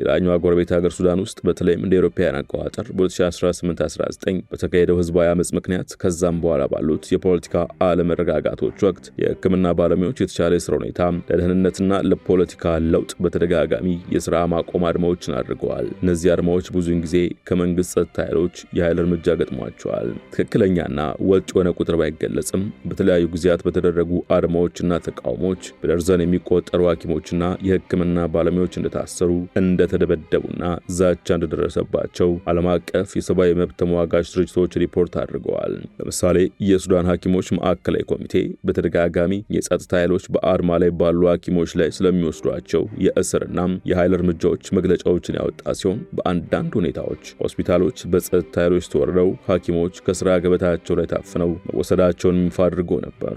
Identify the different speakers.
Speaker 1: ሌላኛዋ ጎረቤት ሀገር ሱዳን ውስጥ በተለይም እንደ ኤሮፓውያን አቆጣጠር በ 19 በተካሄደው ህዝባዊ አመፅ ምክንያት ከዛም በኋላ ባሉት የፖለቲካ አለመረጋጋቶች ወቅት የህክምና ባለሙያዎች የተሻለ የስራ ሁኔታ ለደህንነትና ለፖለቲካ ለውጥ በተደጋጋሚ የስራ ማቆም አድማዎችን አድርገዋል። እነዚህ አድማዎች ብዙውን ጊዜ ከመንግስት ጸጥታ ኃይሎች የኃይል እርምጃ ገጥሟቸዋል። ትክክለኛና ወጥ የሆነ ቁጥር ባይገለጽም በተለያዩ ጊዜያት በተደረጉ አድማዎችና ተቃውሞች በደርዘን የሚቆጠሩ ሐኪሞችና የህክምና ባለሙያዎች እንደታሰሩ እንደ እንደተደበደቡና ዛቻ እንደደረሰባቸው ዓለም አቀፍ የሰብአዊ መብት ተሟጋች ድርጅቶች ሪፖርት አድርገዋል። ለምሳሌ የሱዳን ሐኪሞች ማዕከላዊ ኮሚቴ በተደጋጋሚ የጸጥታ ኃይሎች በአርማ ላይ ባሉ ሐኪሞች ላይ ስለሚወስዷቸው የእስርና የኃይል እርምጃዎች መግለጫዎችን ያወጣ ሲሆን በአንዳንድ ሁኔታዎች ሆስፒታሎች በጸጥታ ኃይሎች ተወርደው ሐኪሞች ከስራ ገበታቸው ላይ ታፍነው መወሰዳቸውን ይፋ አድርጎ ነበር።